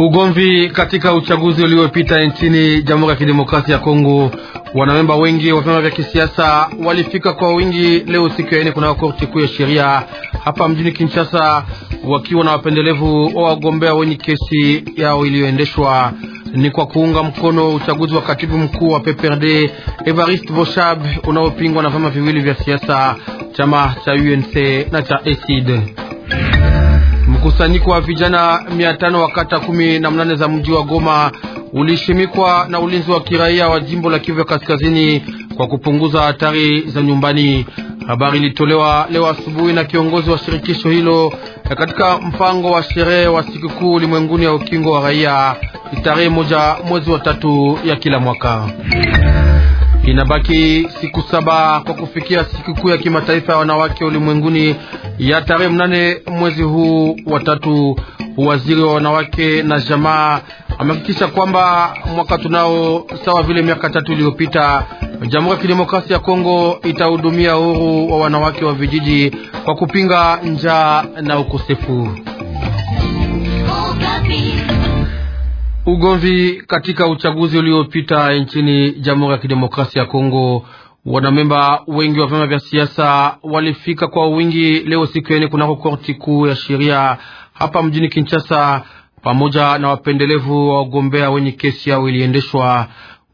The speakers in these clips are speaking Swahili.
Ugomvi katika uchaguzi uliopita nchini Jamhuri ya Kidemokrasia ya Kongo Wanamemba wengi wa vyama vya kisiasa walifika kwa wingi leo siku ya ine kunao korti kuu ya sheria hapa mjini Kinshasa, wakiwa na wapendelevu wa wagombea wenye kesi yao iliyoendeshwa ni kwa kuunga mkono uchaguzi wa katibu mkuu wa PPRD Evariste Boshab unaopingwa na vyama viwili vya siasa, chama cha UNC na cha ecid Mkusanyiko wa vijana mia tano wa kata kumi na mnane za mji wa Goma ulishimikwa na ulinzi wa kiraia wa jimbo la Kivu ya Kaskazini kwa kupunguza hatari za nyumbani. Habari ilitolewa leo asubuhi na kiongozi wa shirikisho hilo katika mpango wa sherehe wa sikukuu ulimwenguni ya ukingo wa raia tarehe moja mwezi wa tatu ya kila mwaka. Inabaki siku saba kwa kufikia sikukuu ya kimataifa ya wanawake ulimwenguni ya tarehe mnane mwezi huu wa tatu. Waziri wa wanawake na jamaa amehakikisha kwamba mwaka tunao sawa vile miaka tatu iliyopita, Jamhuri ya Kidemokrasia ya Kongo itahudumia uhuru wa wanawake wa vijiji kwa kupinga njaa na ukosefu. Ugomvi katika uchaguzi uliopita nchini Jamhuri ya Kidemokrasia ya Kongo, wanamemba wengi wa vyama vya siasa walifika kwa wingi leo siku ya nne kunako korti kuu ya sheria hapa mjini Kinshasa pamoja na wapendelevu wa wagombea wenye kesi yao iliendeshwa.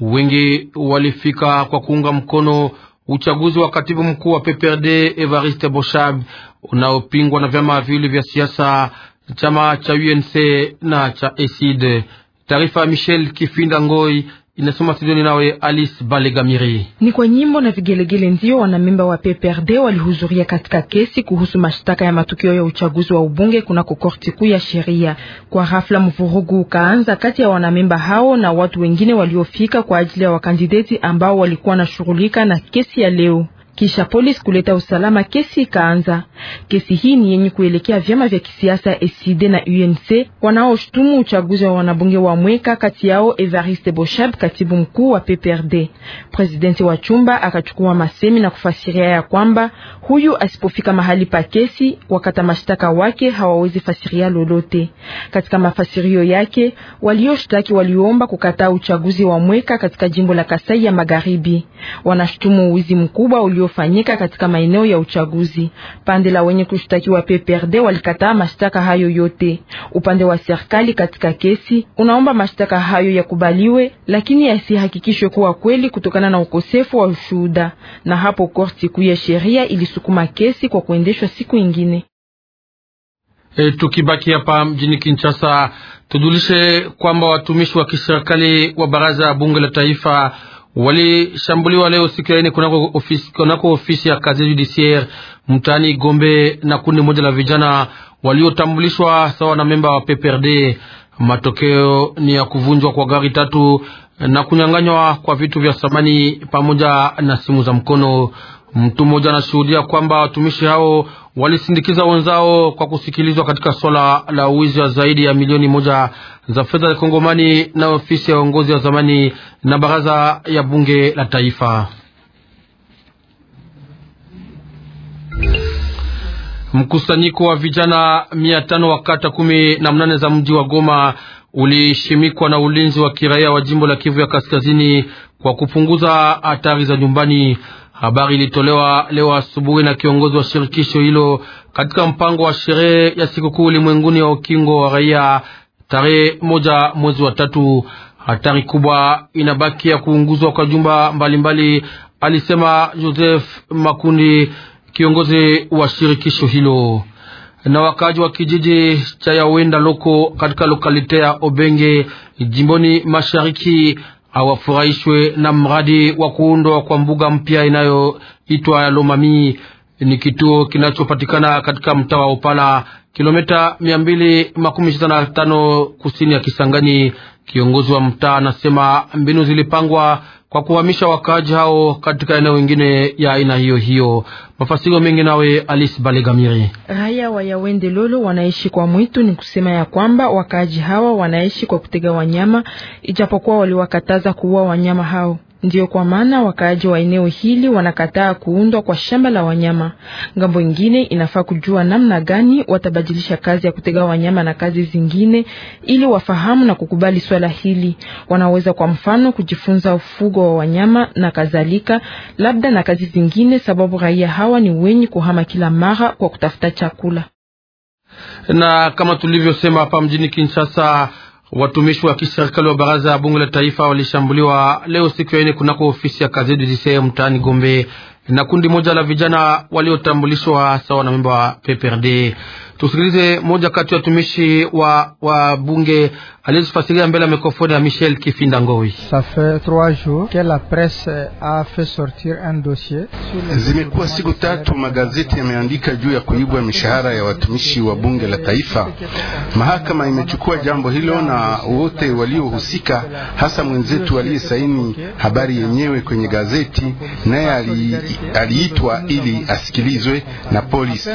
Wengi walifika kwa kuunga mkono uchaguzi wa katibu mkuu wa PPRD Evariste Boshab unaopingwa na vyama viwili vya siasa, chama cha UNC na cha ESID. Taarifa ya Michel Kifinda Ngoi inasoma studioni nawe Alice Balegamiri. Ni kwa nyimbo na vigelegele ndio wanamemba wa PPRD walihudhuria katika kesi kuhusu mashtaka ya matukio ya uchaguzi wa ubunge kunako korti kuu ya sheria. Kwa ghafla, mvurugu ukaanza kati ya wanamemba hao na watu wengine waliofika kwa ajili ya wakandideti ambao walikuwa wanashughulika na kesi ya leo kisha polisi kuleta usalama, kesi ikaanza. Kesi hii ni yenye kuelekea vyama vya kisiasa scd na UNC wanaoshutumu uchaguzi wa wanabunge wa Mweka, kati yao Evariste Boshab, katibu mkuu wa PPRD. Presidenti wa chumba akachukua masemi na kufasiria ya kwamba huyu asipofika mahali pa kesi, wakata mashtaka wake hawawezi fasiria lolote. Katika mafasirio yake, walioshtaki waliomba kukataa uchaguzi wa Mweka katika jimbo la Kasai ya Magharibi. Wanashutumu uwizi mkubwa ulio yanayofanyika katika maeneo ya uchaguzi. Pande la wenye kushtakiwa PPRD walikataa mashtaka hayo yote. Upande wa serikali katika kesi unaomba mashtaka hayo yakubaliwe, lakini yasihakikishwe kuwa kweli kutokana na ukosefu wa ushuhuda. Na hapo korti kuu ya sheria ilisukuma kesi kwa kuendeshwa siku ingine. E, tukibaki hapa mjini Kinshasa tujulishe kwamba watumishi wa kiserikali wa baraza ya bunge la taifa walishambuliwa leo siku ya ine kunako ofisi, kunako ofisi ya kazi judiciaire mtaani Gombe na kundi moja la vijana waliotambulishwa sawa na memba wa PPRD. Matokeo ni ya kuvunjwa kwa gari tatu na kunyang'anywa kwa vitu vya thamani pamoja na simu za mkono. Mtu mmoja anashuhudia kwamba watumishi hao walisindikiza wenzao kwa kusikilizwa katika swala la uwizi wa zaidi ya milioni moja za fedha za Kongomani na ofisi ya uongozi wa zamani na baraza ya bunge la taifa. Mkusanyiko wa vijana mia tano wa kata kumi na mnane za mji wa Goma ulishimikwa na ulinzi wa kiraia wa jimbo la Kivu ya Kaskazini kwa kupunguza hatari za nyumbani. Habari ilitolewa leo asubuhi na kiongozi wa shirikisho hilo katika mpango wa sherehe ya sikukuu ulimwenguni ya ukingo wa raia tarehe moja mwezi wa tatu. Hatari kubwa inabaki ya kuunguzwa kwa jumba mbalimbali mbali, alisema Joseph Makundi, kiongozi wa shirikisho hilo. Na wakaaji wa kijiji cha Yawenda Loko katika lokalite ya Obenge jimboni mashariki hawafurahishwe na mradi wa kuundwa kwa mbuga mpya inayoitwa Lomami. Ni kituo kinachopatikana katika mtaa wa Opala, kilomita 265 kusini ya Kisangani. Kiongozi wa mtaa anasema mbinu zilipangwa kwa kuhamisha wakaaji hao katika eneo wengine ya aina hiyo hiyo. Mafasiro mengi nawe Alice Balegamiri. Raia wa Yawende Lolo wanaishi kwa mwitu, ni kusema ya kwamba wakaaji hawa wanaishi kwa kutega wanyama, ijapokuwa waliwakataza kuua wanyama hao. Ndiyo kwa maana wakaaji wa eneo hili wanakataa kuundwa kwa shamba la wanyama. Ngambo ingine inafaa kujua namna gani watabadilisha kazi ya kutega wanyama na kazi zingine, ili wafahamu na kukubali swala hili. Wanaweza kwa mfano kujifunza ufugo wa wanyama na kadhalika, labda na kazi zingine, sababu raia hawa ni wenye kuhama kila mara kwa kutafuta chakula. Na kama tulivyosema hapa mjini Kinshasa Watumishi wa kiserikali wa baraza ya bunge la taifa walishambuliwa leo siku ya ine kunako ofisi ya kazi dudise mtaani Gombe na kundi moja la vijana waliotambulishwa sawa na memba wa PPRD. Tusikilize moja kati ya watumishi wa, wa bunge alizofasiria mbele ya mikrofoni ya Michel Kifinda Ngoi. Zimekuwa siku tatu, magazeti yameandika juu ya kuibwa mishahara ya watumishi wa bunge la taifa. Mahakama imechukua jambo hilo na wote waliohusika, hasa mwenzetu aliyesaini habari yenyewe kwenye gazeti, naye aliitwa ili asikilizwe na polisi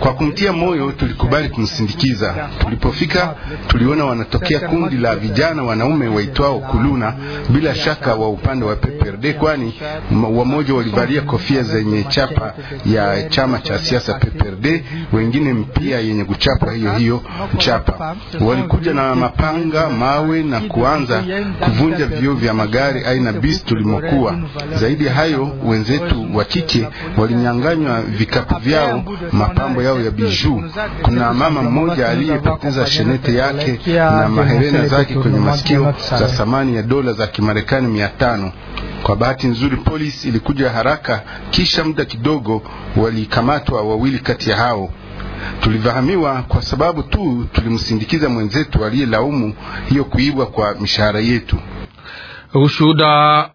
kwa kumtia moyo hiyo tulikubali kumsindikiza. Tulipofika tuliona wanatokea kundi la vijana wanaume waitwao Kuluna, bila shaka wa upande wa PPRD, kwani wamoja walivalia kofia zenye chapa ya chama cha siasa PPRD, wengine mpia yenye kuchapa hiyo hiyo chapa. Walikuja na mapanga, mawe na kuanza kuvunja vioo vya magari aina bis tulimokuwa. Zaidi ya hayo, wenzetu wa kike walinyang'anywa vikapu vyao, mapambo yao ya bijuu na mama mmoja aliyepoteza shenete yake na maherena zake kwenye masikio za thamani ya dola za Kimarekani mia tano. Kwa bahati nzuri, polisi ilikuja haraka, kisha muda kidogo walikamatwa wawili kati ya hao. Tulivahamiwa kwa sababu tu tulimsindikiza mwenzetu aliyelaumu hiyo kuibwa kwa mishahara yetu. Ushuhuda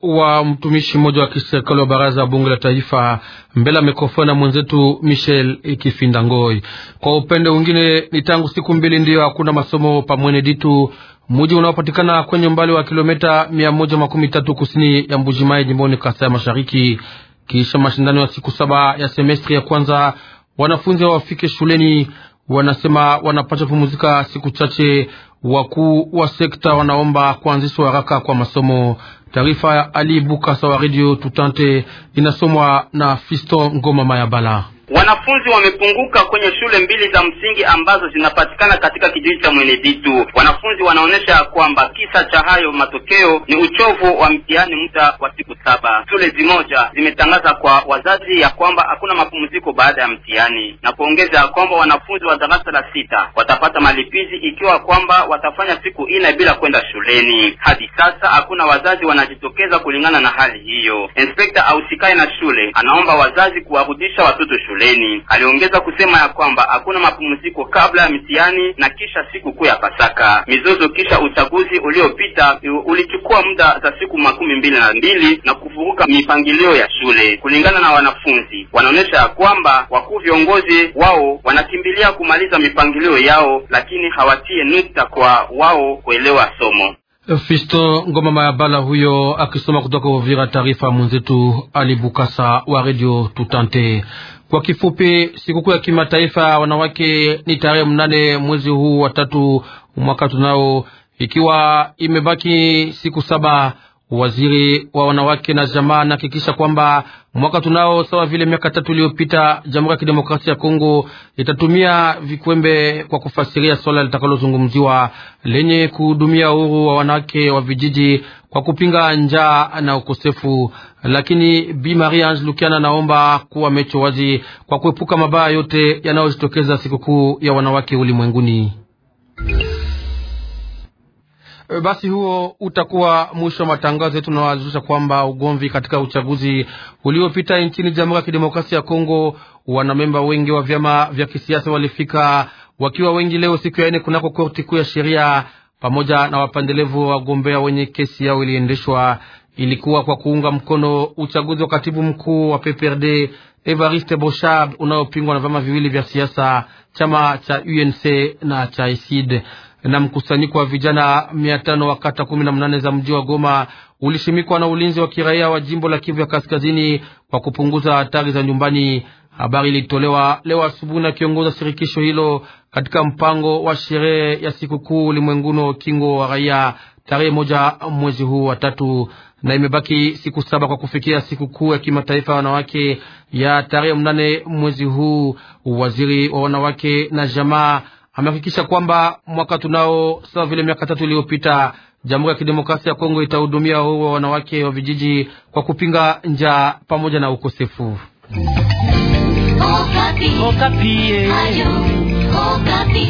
wa mtumishi mmoja wa kiserikali wa baraza ya bunge la taifa mbele ya mikrofoni ya mwenzetu Michel Ikifinda Ngoi. Kwa upande mwingine ni tangu siku mbili ndiyo hakuna masomo pamwene Ditu, muji unaopatikana kwenye umbali wa kilomita mia moja makumi tatu kusini ya Mbujimai jimboni ya Mashariki. Kisha mashindano ya siku saba ya semestri ya kwanza, wanafunzi hawafike shuleni, wanasema wanapasha pumuzika siku chache. Wakuu wa sekta wanaomba kuanzishwa haraka kwa masomo. Taarifa ya Ali Bukasa wa Radio Tutante inasomwa na Fisto Ngoma Mayabala. Wanafunzi wamepunguka kwenye shule mbili za msingi ambazo zinapatikana katika kijiji cha Mweneditu. Wanafunzi wanaonyesha kwamba kisa cha hayo matokeo ni uchovu wa mtihani muda wa siku saba. Shule zimoja zimetangaza kwa wazazi ya kwamba hakuna mapumziko baada ya mtihani na kuongeza kwamba wanafunzi wa darasa la sita watapata malipizi ikiwa kwamba watafanya siku ine bila kwenda shuleni. Hadi sasa hakuna wazazi wanajitokeza kulingana na hali hiyo. Inspekta ausikae na shule anaomba wazazi kuwarudisha watoto shule shuleni. Aliongeza kusema ya kwamba hakuna mapumziko kabla ya mitihani na kisha siku kuu ya Pasaka. Mizozo kisha uchaguzi uliopita ulichukua muda za siku makumi mbili na mbili na kuvuruka mipangilio ya shule. Kulingana na wanafunzi, wanaonyesha ya kwamba wakuu viongozi wao wanakimbilia kumaliza mipangilio yao, lakini hawatie nukta kwa wao kuelewa somo. Fisto Ngoma Mayabala huyo akisoma kutoka Uvira, taarifa mwenzetu Ali Bukasa wa Radio Tutante. Kwa kifupi, sikukuu ya kimataifa ya wanawake ni tarehe mnane mwezi huu wa tatu mwaka tunao, ikiwa imebaki siku saba. Waziri wa wanawake na jamaa anahakikisha kwamba mwaka tunao, sawa vile miaka tatu iliyopita, Jamhuri ya Kidemokrasia ya Kongo itatumia vikwembe kwa kufasiria swala litakalozungumziwa lenye kuhudumia uhuru wa wanawake wa vijiji kwa kupinga njaa na ukosefu. Lakini Bi mari Ange Lukiana anaomba kuwa mecho wazi kwa kuepuka mabaya yote yanayojitokeza sikukuu ya wanawake ulimwenguni. E, basi huo utakuwa mwisho wa matangazo yetu, nawajulisha kwamba ugomvi katika uchaguzi uliopita nchini Jamhuri ya Kidemokrasia ya Kongo, wanamemba wengi wa vyama vya kisiasa walifika wakiwa wengi leo siku ya nne kunako korti kuu ya sheria pamoja na wapendelevu wa wagombea wenye kesi yao iliendeshwa ilikuwa kwa kuunga mkono uchaguzi wa katibu mkuu wa PPRD Evariste Boshard unaopingwa na vyama viwili vya siasa, chama cha UNC na cha ISID. Na mkusanyiko wa vijana mia tano wa kata kumi na mnane za mji wa Goma ulishimikwa na ulinzi wa kiraia wa jimbo la Kivu ya Kaskazini kwa kupunguza hatari za nyumbani. Habari ilitolewa leo asubuhi na kiongozi wa shirikisho hilo katika mpango wa sherehe ya sikukuu ulimwenguni kingo wa raia tarehe moja mwezi huu wa tatu, na imebaki siku saba kwa kufikia sikukuu ya kimataifa ya wanawake ya tarehe mnane mwezi huu. Waziri wa wanawake na jamaa amehakikisha kwamba mwaka tunao sawa vile miaka tatu iliyopita Jamhuri ya Kidemokrasia ya Kongo itahudumia uhuru wa wanawake wa vijiji kwa kupinga njaa pamoja na ukosefu. Okapi. Okapi. Eh. Okapi.